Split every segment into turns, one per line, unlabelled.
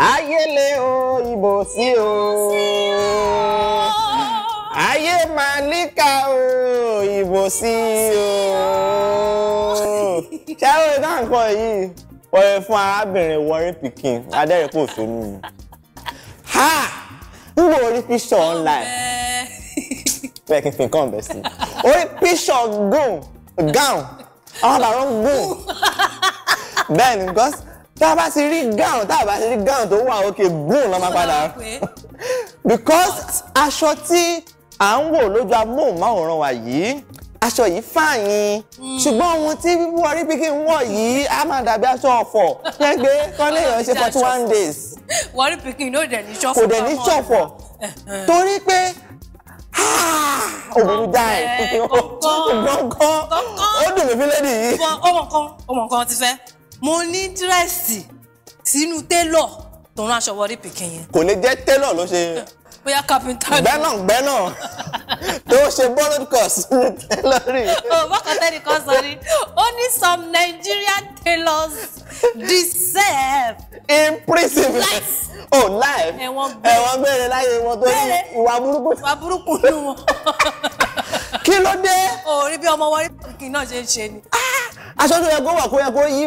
ayélé o ìbòsí o ayé màlíkà o ìbòsí o ṣáwé dáńkọ yìí wọlé fún arábìnrin Warren pikin adẹ́rẹ́pọ̀ òṣèlú mi ha n bò rí píṣọ̀ online bẹ́ẹ̀ kí n fi nǹkan bẹ̀ sí orí píṣọ̀ gown gown àwọn bàbá ń gown bẹ́ẹ̀ ni because tá a bá ti rí gown tá a bá ti rí gown tó wà òkè boom lọ́mọ padà because aṣọ tí à ń wò lójú amóhùnmáwòrán wa yìí aṣọ yìí fààyàn hmm. ṣùgbọ́n ohun tí wíwọ́ rí bí kí n wọ̀ yìí á máa dàbí aṣọ ọ̀fọ̀ lẹ́gbẹ́ kọ́lé èèyàn ṣe forty one days.
wọ́n rí pikin ní òdẹ̀ ní ṣọ̀fọ̀ kò dẹ̀ ní ṣọ̀fọ̀ torí pé òbúrú dáì gbọ̀ngàn ó dùn mí fílẹ́dì yìí. ọmọ kan ọmọ kan ti fẹ́ mo ní dírẹ́sì sínú télọ̀ tó rán aṣọ wọrí pikin yẹn.
kò ní jẹ́ télọ̀ ló ṣe.
bóyá kápẹ́ntà ni. gbẹ́nà
gbẹ́nà tó ṣe borrowed cost sínú
télọ̀ rí. bákan tẹ́lẹ̀ kan sọ ni ó ní some Nigerian tailors deserve. imprisonment life. oh life. ẹ̀wọ̀n gbére ẹ̀wọ̀n gbére láyé wọn tó ní ìwà burúkú. ìwà burúkú nù wọn. kí ló dé. òòrí bí ọmọ wọrí pikin náà ṣe ń ṣe ni. ah aṣọ tó yẹ kó wà kó yẹ kó yí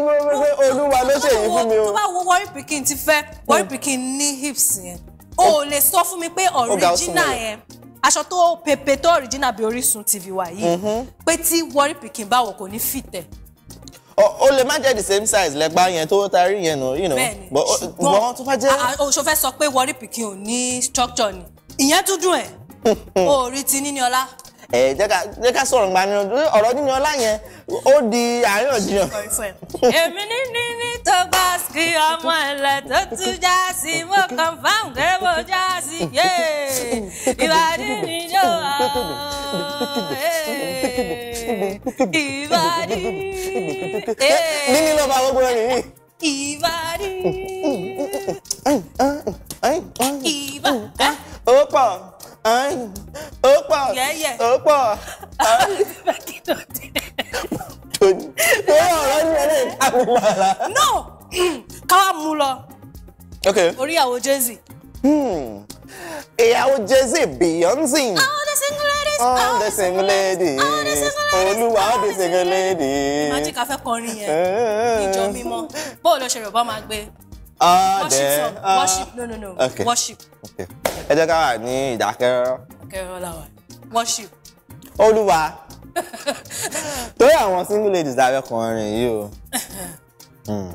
pé olúwa ló ṣe èyí fún mi o. tó bá wo Warri Pikin ti fẹ́ Warri hmm. Pikin ní hips yẹn oh. o lè sọ fún mi pé original yẹn aṣọ tó pepe tó original bí Orísun TV wà yìí mm-hmm. pé tí Warri Pikin báwo kò ní fìtẹ̀
o lè má jẹ́ the same size lẹ́gbà yẹn tó tarí yẹn nù you know but wọ́n
tó bá jẹ́. oṣù fẹ́ sọ pé Warri Pikin ò ní structure ni ìyẹn dúdú ẹ̀ o ò rí ti níní ọlá
ẹ jẹ́ ká sọ̀rọ̀ gbani ọ̀rọ̀ nínú ọlá yẹn ó di
àríyànjiyàn. èmi ní ní ní tó bá ski ọmọ ilẹ̀ tó tún já sí mo kàn fáwọn kẹrẹ já sí yé ìbàdí mi yóò ìbàdí.
níní ló bá gbogbo ẹni yìí.
ìbàdí.
ìbàdí. ó pọ̀
pọ̀ ó pọ̀. mo yọ ọ̀rọ̀ ní ẹlẹ́ àmúmọ̀lá. no káwá mú lọ
orí àwọn jésì. ìyàwó jésì hmm. Beyonce. all
the single ladies all the single
ladies olúwa all the single ladies. ìmájí
ká fẹ́ kọrin yẹn eh. ìjọ mímọ́ bóòlù ọ̀ṣẹ̀rẹ̀ bá máa gbé
ọdẹ ah, ah. worship
no no no okay. worship.
ẹ jẹ́ ká wà ní ìdákẹ́rọ́.
ìdákẹ́rọ́ làwọn worship.
olúwa torí àwọn single ladies dábẹ́ kọrin yìí o. Hmm.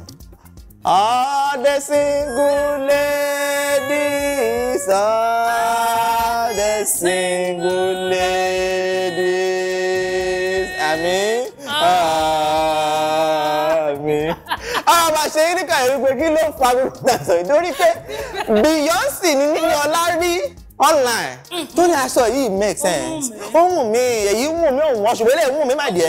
all the single ladies all the single ladies àmín àmín ọ̀rọ̀ bá ṣe é ní kàyé wípé kí ló fa gbogbo àtọ̀ ìdórí pé Beyonce ní níní ọlá online. Mm. To that, so it makes sense. ó wù mí èyí wù mí òun wọ́n ṣùgbọ́n eléyìí wù mí màdìẹ.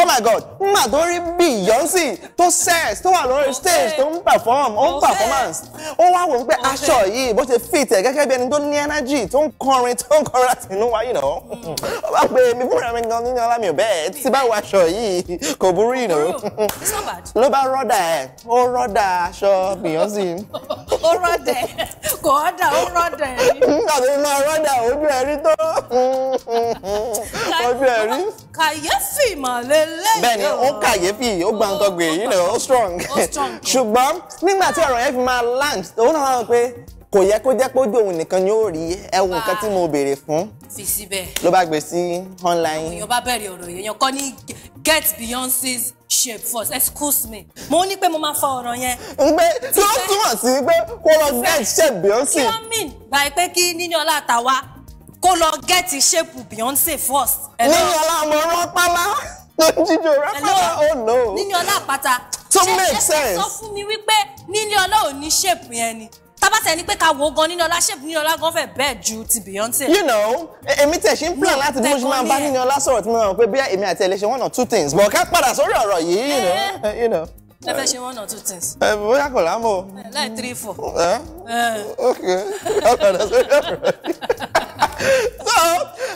oh my god nígbà tó rí Beyonce tó sex tó wà lórí stage tó ń perform ó ń performance ó wá wò ó pé aṣọ yìí bó ṣe fit ẹ̀ gẹ́gẹ́ bí ẹni tó ní energy tó ń kọrin tó ń kọrin láti inú wa yìí náà mm. ó bá pe mi fúnra mi gan nínú ọlámi ọ̀bẹ ẹ̀ tí bá wọ aṣọ yìí kò burú ìnà ló bá rọ́dà ẹ̀ ó rọ́dà aṣọ Beyonce.
ó rọ́dà ẹ̀ kò ọ́dà ó rọ́dà ẹ̀ nígbà tó máa rọ́dà ojú ẹ̀rí tó ojú ẹ̀rí. kàyéfì màlẹ́ lẹ́yìn. bẹ́ẹ̀ni ó
kàyéfì ó gba nǹkan gbè yìí lọ strong ṣùgbọ́n nígbà tí ọ̀rọ̀ yẹn fi máa land òun náà wá wọ pé kò yẹ kó jẹ́ pé ojú òun nìkan ni ó rí ẹwù nǹkan tí mo béèrè fún.
fi síbẹ̀. ló
bá gbé sí online. èèyàn
bá bẹ̀rẹ̀ ọ̀rọ̀ èèyàn kọ́ ní get Beyonce's shape first excuse me mo ní pé mo máa fọ ọ̀rọ̀ yẹn.
ìgbé tí ó túmọ̀ sí pé kó lọ get shape Beyonce. kí ló
mean by pé kí Níníọlá àtàwá kó lọ get shape Beyonce first. Níníọlá ọmọ rápálá ló jíjọ rápálá oh no. Níníọlá àpáta. to make sense. ṣe ẹ sọ fún mi wípé Níníọlá ò ní shape yẹn ni tábàtẹ̀ ni pé ká wo gan Níníọlá ṣé Níníọlá gan fẹ́ bẹ́ẹ̀ ju ti Beyonce. you know
e, èmi tẹ̀ ṣe ń plan láti bí mo ṣe máa bá Níníọlá sọ̀rọ̀ tí mo mọ̀ pé bí èmi àti ẹlẹ́ṣẹ̀ one or two things but ká padà sórí ọ̀rọ̀ yìí you know. Eh, eh. Eh, you know
ẹ fẹ́ ṣe one or two things.
ẹ bóyá kò lámọ̀.
láì three four. ok
ọ̀rọ̀ sórí ọ̀rọ̀ yìí so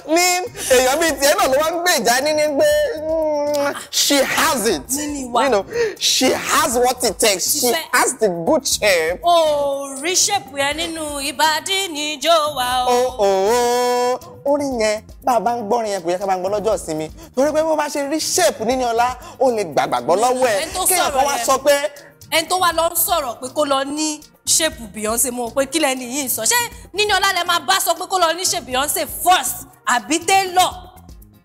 ní èèyàn bíi tiẹ̀ náà ló wá ń gbé ìjà níní gbé mm, she has it you know she has what it takes she has the good shape.
o rí ṣèpù yẹn nínú ìbàdí níjó wa o. o
oh, o oh, oh. orin yẹn bá a bá ń gbọ́rin yẹn kò yẹ ká bá ń gbọ́ lọ́jọ́ ìsinmi torí pé bó bá ṣe rí ṣèpù níní ọlá ó lè gbàgbàgbọ́ lọ́wọ́ ẹ̀ kéèyàn kan wá sọ pé.
ẹni tó wá lọ ń sọ̀rọ̀ pé kó lọ ní ṣèpù Beyonce mo pé kílẹ̀ ni yìí ń sọ ṣé Níníọlá lẹ máa bá sọ pé kó lọ ní ṣe Beyonce first àbí Taylor.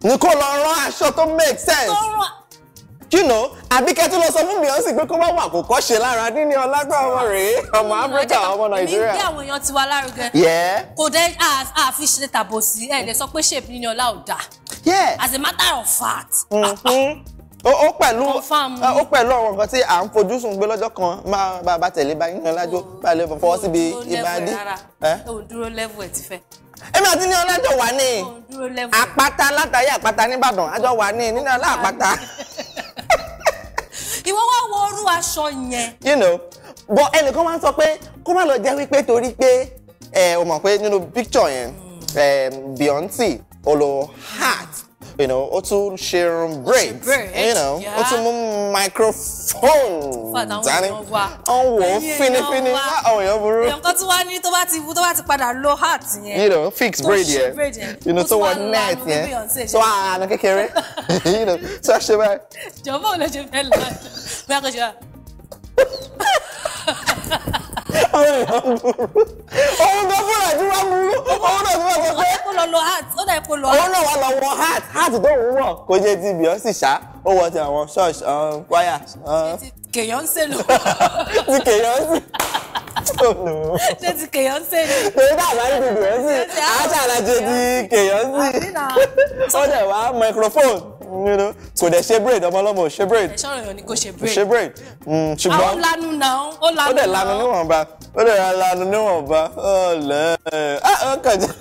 ni kò lọ rán aṣọ tó make sense. tó rán you know àbíkẹ́ tó lọ sọ fún Beyonce pé kó má wà kó kọ́ ṣe lára Níníọlá pé ọmọ rèé ọmọ Áfíríkà ọmọ Nàìjíríà. èmi gbé
àwọn èèyàn tiwa lárugẹ. kò dé àfi ṣe tàbó sí ẹ̀ lè sọ pé ṣèpù Níníọlá ò dáa. as a matter of fact.
Mm -hmm ó pẹ̀lú ó pẹ̀lú àwọn nǹkan tí à ń fojú sùn gbé lọ́jọ́ kan máa bá a bá tẹ̀lé bá yín lájọ bá a lè fọwọ́ síbi ìbàdí.
o dúró level ẹ̀ ti fẹ́. èmi àti ní ọlájọ
wà ní àpáta látàrí àpáta nìbàdàn àjọ wà ní nínú ọlá àpáta.
ìwọ wá wọ orú aṣọ yẹn.
you know bọ ẹnìkan máa ń sọ pé kó má lọ jẹ́ wípé torí pé ẹ o mọ̀ pé nínú picture yẹn hmm. Beyonce olo heart you know, ó tún ṣe irun braids, you know, ó tún mú microphone dání, ó ń wò ó fínífíní, ah, àwọn èèyàn burú.
Èèyàn ní tó bá ti tó bá ti padà lo hat yẹn. You know, fix braid yẹn, you know, tó wọ net yẹn, tó àánú kékeré,
you know, tó ṣe báyìí.
Jọ̀wọ́ báwo ló ṣe fẹ́ lọ? Bí a kò ṣe wá àwọn èèyàn burú òun gan fúnra tí wọ́n burú òun náà tí wọ́n sọ pé. ó lọ lọ heart ó dàbí kó lọ heart. òun náà wà lọ wọ heart
heart tó ń wọ̀ kó jẹ́ ti Beyonce ṣá ó wọ ti àwọn church um, choir.
kèèyàn ń sè lò.
ti kèèyàn ń sè
ṣé ti kèèyàn sè ni. torí bàbá ń dùn Beyonce àá ṣàlàjẹ
ti kèèyàn sè. ó dẹ̀ wá microphone kò dẹ̀ ṣe braid ọmọ ọlọ́mọ ṣe braid. ẹ̀ṣọ́
ọ̀rọ̀ ni kò ṣe braid. ṣe braid
mm, ṣùgbọ́n. àwọn lanu
náà ó lanu náà. ó dẹ̀ lanu
níwọ̀nba ó dẹ̀ lanu níwọ̀nba ọ̀lẹ́ ah, ó kàn jẹ́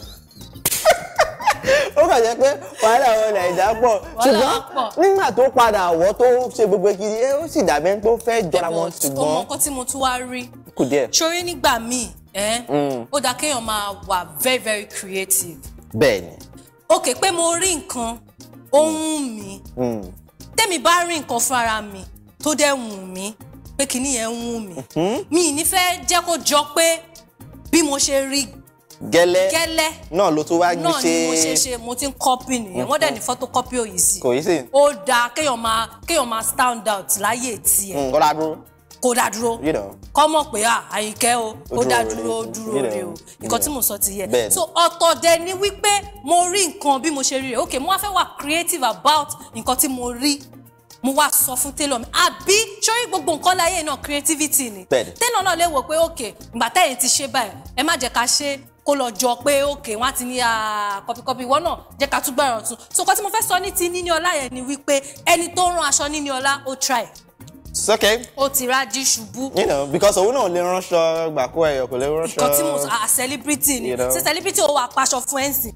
ó kàn jẹ́ pé wàhálà ọ̀rọ̀ nàìjà pọ̀ ṣùgbọ́n nígbà tó padà wọ́ tó ṣe gbogbo kiri eh, ó sì dàbẹ́ tó fẹ́ jọra wọn ṣùgbọ́n. ọmọ
kan tí mo tún wá rí. kò díẹ̀. ṣoré nígbà míì eh, mm. ó dáa kéèyàn máa wà very very creative. bẹ́ẹ̀ni. ok pé mo rí nǹkan ohun mi mm. mm. tẹ́mi bá rí nǹkan fún ara mi tó dẹ̀ wù mí pé kinní yẹn wù mí mm-hmm. mi ì ní fẹ́ jẹ́ kó jọ pé bí mo ṣe rí
gẹ́lẹ́ gẹ́lẹ́ náà ló tún wá gbé ṣe náà ni mo ṣe ṣe
mo ti ń kọ́pì nìyẹn wọ́n dẹ̀ ní mm-hmm. photocopy òyìí sí kò yí sí ó dáa kéèyàn máa kéèyàn máa stand out láyé tiẹ̀. Mm, kọ́lá dúró kó dá dúró kọ́ mọ̀ pé à ah, àyìnkẹ́ o ó dá dúró ó dúró rè o nǹkan tí mò ń sọ ti yẹ so ọ̀tọ̀ dẹ̀ ni wípé mo rí nǹkan bí mo ṣe rí rẹ̀ ok mo wá fẹ́ wà creative about nǹkan tí mo rí mo wá sọ fún tailor mi àbí sórí gbogbo nǹkan láyé náà creativity ni tailor náà lè wò pé ok gbàtà yẹn ti ṣe báyìí ẹ má jẹ́ ká ṣe kó lọ jọ pé òkè wọn ti ní kọpikọpi ah, ìwọ náà jẹ ká tún gbàràn tún so nǹkan tí mo fẹ́ sọ ní ti níní ọlá yẹn ni wípé ẹni tó ń rán aṣọ níní ọlá ó try okay. ó ti rájí ṣubú. you know
because òun náà lè ránṣọ gbàkú ẹyọ kò lè ránṣọ. nǹkan tí mo sọ a ah,
celebrity ni ṣe celebrity ó wà paṣọ fún ẹ̀sìn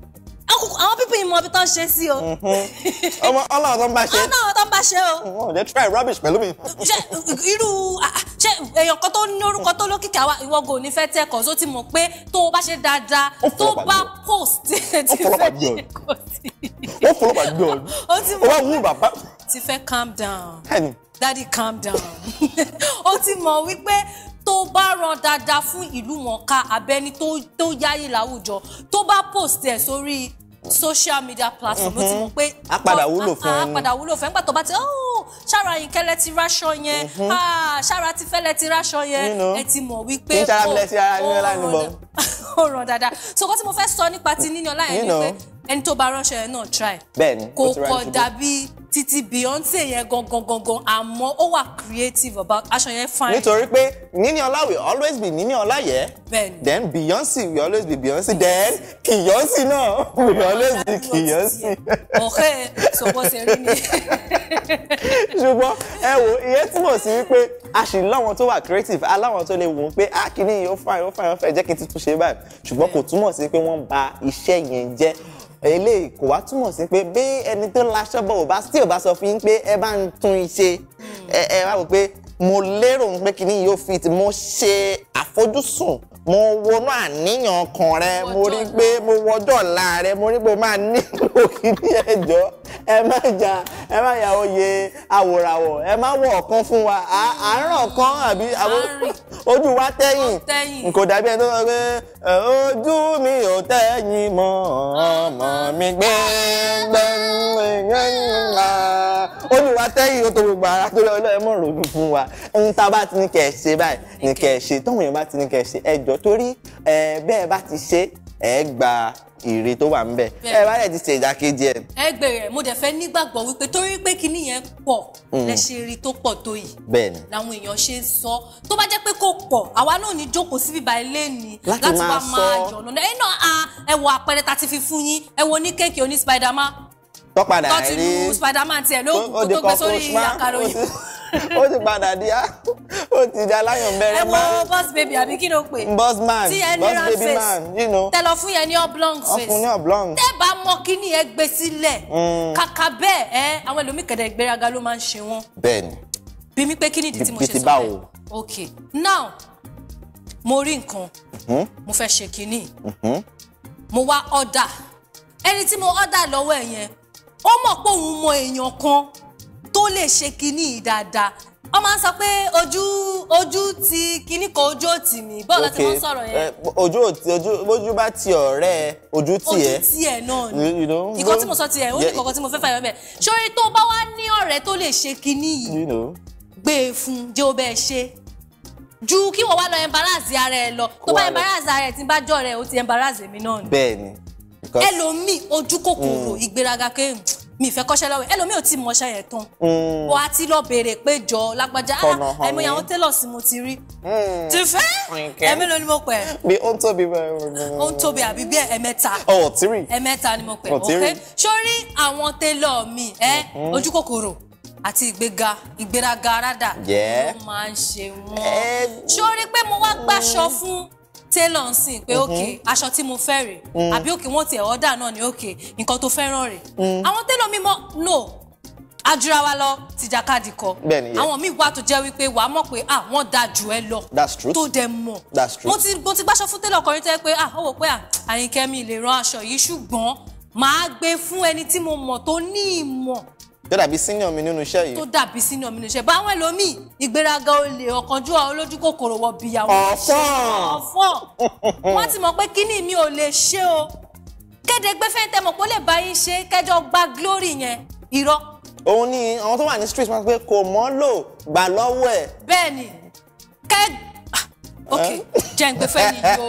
àwọn pípín ìmọ̀ ibi tó ń ṣe sí o.
Mm-hmm.
ọmọ ọlọ́run tó ń bá ṣe. ọlọ́run tó ń bá ṣe o. wọn
ò lè try rubbish pẹ̀lú mi.
ṣe irú ah, ṣe èèyàn kan tó ní orúkọ tó lókìkí àwa ìwọ gò ní fẹ́ tẹ́kọ̀ tó ti mọ̀ pé tó o bá ṣe dáadáa tó bá post ti fẹ́ ṣe kò sí.
ó fọlọ́pàá gbé ọ ó wá wú bàbá.
ti fẹ́ calm down daddy calm down ó ti mọ̀ wípé tó bá ràn dáadáa fún ìlú mọ̀ọ́ká abẹ́ni tó yáyé láwùjọ tó bá post ẹ̀ sórí social media platform ó ti mọ̀ mm-hmm. pé a padà wúlò fún ẹni a padà wúlò fún ẹni nígbà tó bá ti oh, ṣára yín kẹ́lẹ́ ti ráṣọ yẹn mm-hmm. ah, ṣára ti fẹ́lẹ́ ti ráṣọ yẹn ẹ ti mọ̀ wípé ó ràn dáadáa so kó tí mo fẹ́ sọ nípa ti níní ọlá yẹn ni pé ẹni tó bá ránṣọ náà try kò kọ̀ dàbí Titi Beyonce yẹn gangan gangan àmọ́ ó wà creative about aṣọ yẹn fine. nítorí pé
Níníọlá will always be Níníọlá yẹ then Beyonce will always be Beyonce then Kiyonce náà will always be Kiyonce.
ọ̀rẹ́ sọ̀bọ̀ ṣe rí ni.
ṣùgbọ́n ẹ wo ìyẹn túmọ̀ sí wípé a sì láwọn tó wà creative aláwọn tó lè wò ah, ó pé a kì í ní yóò fine yóò fine yóò fine jẹ́ kí n ti tún ṣe báyìí ṣùgbọ́n kò túmọ̀ sí pé wọ́n bà iṣẹ́ yẹn jẹ́ eléyìí kò wá túmọ̀ sí pé bí ẹni tó láṣọ bọ̀ ò bá sí ò bá sọ fún yín pé ẹ bá ń tún iṣẹ́ hmm. ẹ ẹ wá wò pé mo lérò pé kìnnìún yóò fit mo ṣe àfojúsùn mo wọnú àníyàn ọkàn rẹ mo rí pé mo wọjọ́ ọ̀la rẹ mo rí pé o máa nílò kíní ẹ̀jọ́ ẹ má jà ẹ má ya, oyè àwòràwọ̀ ẹ má wọ̀ ọ̀kan fún wa àárọ̀ kan àbí ojú wa tẹ̀yìn kò dàbí ẹni tó sọ pé ojú mi ò tẹ̀yìn mọ́ ọmọ mi gbẹ́ngbẹ́ng tẹ́yìn ó tó gbogbo ara tó lọ́ọ́ ẹ mọ̀ ronú fún wa ohun tá a bá ti ní kẹ́ ẹ ṣe báyìí ní kẹ́ ẹ ṣe tọ́hún èèyàn bá ti ní kẹ́ ẹ ṣe ẹ jọ torí ẹ bẹ́ẹ̀ bá ti ṣe ẹ gba èrè tó wà ń bẹ ẹ bá yẹ ti ṣe ìdákejì ẹ.
ẹ gbèrè mo dẹ̀ fẹ́ nígbàgbọ́ wípé torí pé kinní yẹn pọ̀ hmm. lẹ́sẹ̀ rí tó pọ̀ tó yìí bẹ́ẹ̀ni làwọn èèyàn ṣe ń sọ tó bá jẹ́ pé kò pọ̀ àwa náà ní jókòó síbi ìbá ilé ni láti máa jọ̀nà ẹ náà ẹ wo àpẹẹrẹ tá a ti fi fún yín ẹ wo ní kéèkì oní spiderman
tó padà rí tó ti lu
spiderman tiẹ̀ ló tó gbé sórí àkàròyìn.
ó ti padà di á ó ti di aláyàn bẹ̀rẹ̀ máa. ẹ wo
boss baby àbí kí ló pè. boss man boss baby face. man you know. tẹ lọ fún yẹn ní oblong face. ọkùn ní oblong. tẹ bá mọ kíní ẹ gbé sílẹ̀. Mm. kàkà bẹ́ẹ̀ ẹ àwọn ẹlòmíì kẹ̀dẹ̀ ìgbéraga ló máa ń ṣe wọn. bẹ́ẹ̀ni. bí mi pé kíní ìdí tí mo ṣe sọ bẹ́ẹ̀ ok now mo rí nǹkan mm-hmm. mo fẹ́ ṣe kíní mm-hmm. mo wá ọ̀dà ẹni tí mo ọ̀dà lọ́wọ́ ẹ̀ yẹn ó mọ̀ pé òun mọ èèyàn kan tó lè ṣe kinní yìí dáadáa wọ́n máa ń sọ pé ojú ojú ti kinní kan ojú òtì mi bọ́ọ̀lù tí wọ́n sọ̀rọ̀ yẹn. Eh,
ojú òtì ojú ojú bá ti ọ̀rẹ́ ẹ ojú tì ẹ. ojú tì
ẹ náà ni ìkan tí mo sọ ti ẹ ó ní kankan tí mo fẹ́ fà yọ bẹ́ẹ̀ ṣorí tó bá wá ní ọ̀rẹ́ tó lè ṣe kinní yìí gbé e fún jẹ́ ó bẹ́ẹ̀ ṣe ju kí wọ́n wá lọ embarrass ara ẹ lọ tó bá embarrass ara ẹ tí bá jọ rẹ ó ti embarrass èmi náà ni. bẹ́ẹ̀ni ẹlòmíì ojú kòkòrò mm. ìgbéraga ké mi ìfẹ́ kọ́ṣẹ́ lọ́wọ́ ẹlòmíì ò ti mọṣẹ́ yẹn tán o mm. á ti lọ béèrè pé jọ lágbájá ah, ẹ̀mí àwọn tailors mo ti rí mm. ti fẹ́ ẹ̀mí ló ní mo pẹ̀.
bí ó ń tóbi bẹ́ẹ̀ ó ń tóbi àbí
bí ẹ̀mẹ́ta oh, ẹ̀mẹ́ta ni mo pẹ̀ ọ̀kẹ́ oh, sórí àwọn tailor mi mm-hmm. ojú kòkòrò àti ìgbéga ìgbéraga rádà ló máa ń ṣe wọn sórí pé mo wá gbàṣọ fún tailor ń sìn pé òkè mm-hmm. aṣọ tí mo fẹ́ rè mm. àbí òkè wọ́n ti ọ̀dà náà ni òkè nǹkan tó fẹ́ràn rè mm. àwọn tailor mi mọ́ no ajura wa lọ tìjàkadì kọ àwọn míì wà tó jẹ́ wípé wàá mọ̀ pé ah wọ́n da jù ẹ lọ tó dẹ mọ̀ mo ti mo ti gbàṣọ fún tailor kọrin tẹ pé ah ó wò pé ah Àyìnkẹ́ lè rán aṣọ yìí ṣùgbọ́n màá gbé fún ẹni tí mo mọ̀ tó ní ìmọ̀
tó dàbí senior mi nínú iṣẹ́ yìí. tó
dàbí senior mi nínú iṣẹ́ báwọn ẹlòmíì ìgbéraga olè ọ̀kánjúwà olójú kòkòrò wọ bìyàwó. ọ̀fọ̀n ọ̀fọ̀n ti mọ̀ pé kíní mi ò lè ṣe o kéde pé fẹ́ntẹ́ mọ̀ pé ó lè bá yín ṣe kẹjọ gba glory yẹn irọ́.
òun ni àwọn tó wà ní street máa ń kò mọ́ lò gbà lọ́wọ́ ẹ̀.
bẹ́ẹ̀ni kẹ́
ah, ok eh?
jẹ́ ń pè fẹ́ ẹni yìí o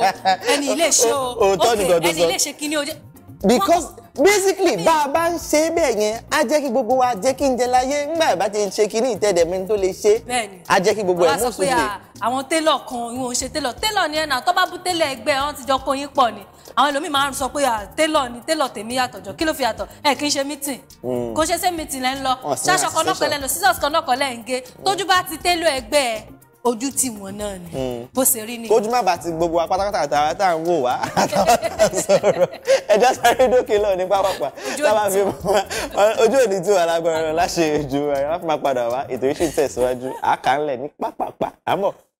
ẹni ilé ṣe o ok ẹni ilé ṣe kíní o.
because basically bá a bá ń ṣe é bẹ́ẹ̀ yẹn á jẹ́ kí gbogbo wa jẹ́ kí n jẹ láyé ńgbà bá ti ń ṣe kí ní ìtẹ́dẹ̀mí tó lè ṣe á jẹ́ kí gbogbo ẹ̀ mú sùn lè.
àwọn télọ̀ kan ìwọ̀n ò ṣe télọ̀ télọ̀ ni ẹ̀nà tó bá bú télọ̀ ẹgbẹ́ wọn ti jọ kó yín pọ̀ ni àwọn ẹlòmíì máa ń sọ pé télọ̀ ni télọ̀ tèmi yàtọ̀ jọ kí ló fi yàtọ̀ ẹ kì í ṣe mítìn hmm. kò ṣe ṣe mítìn lẹ́ ń lọ ṣáṣọ kan náà kọ́lẹ́ ń lọ scissors kan náà kọ́lẹ́ ń gé tójú bá ti télọ̀ ẹgbẹ́ ẹ ojú tí wọn náà ni hmm. bó ṣe rí ni. kójú má
bàa ti gbogbo wa pátápátá àtàwọn tá à ń wò wá àtàwọn tá à ń sọ̀rọ̀ ẹjọ́ sáré dókè lọ ní pápápá tábà fi mọ ojú òní tí wà lágbára láṣẹ ìjọba ẹ fi má padà wá ètò yìí ṣì tẹ̀síwájú ní pápápá àmọ́.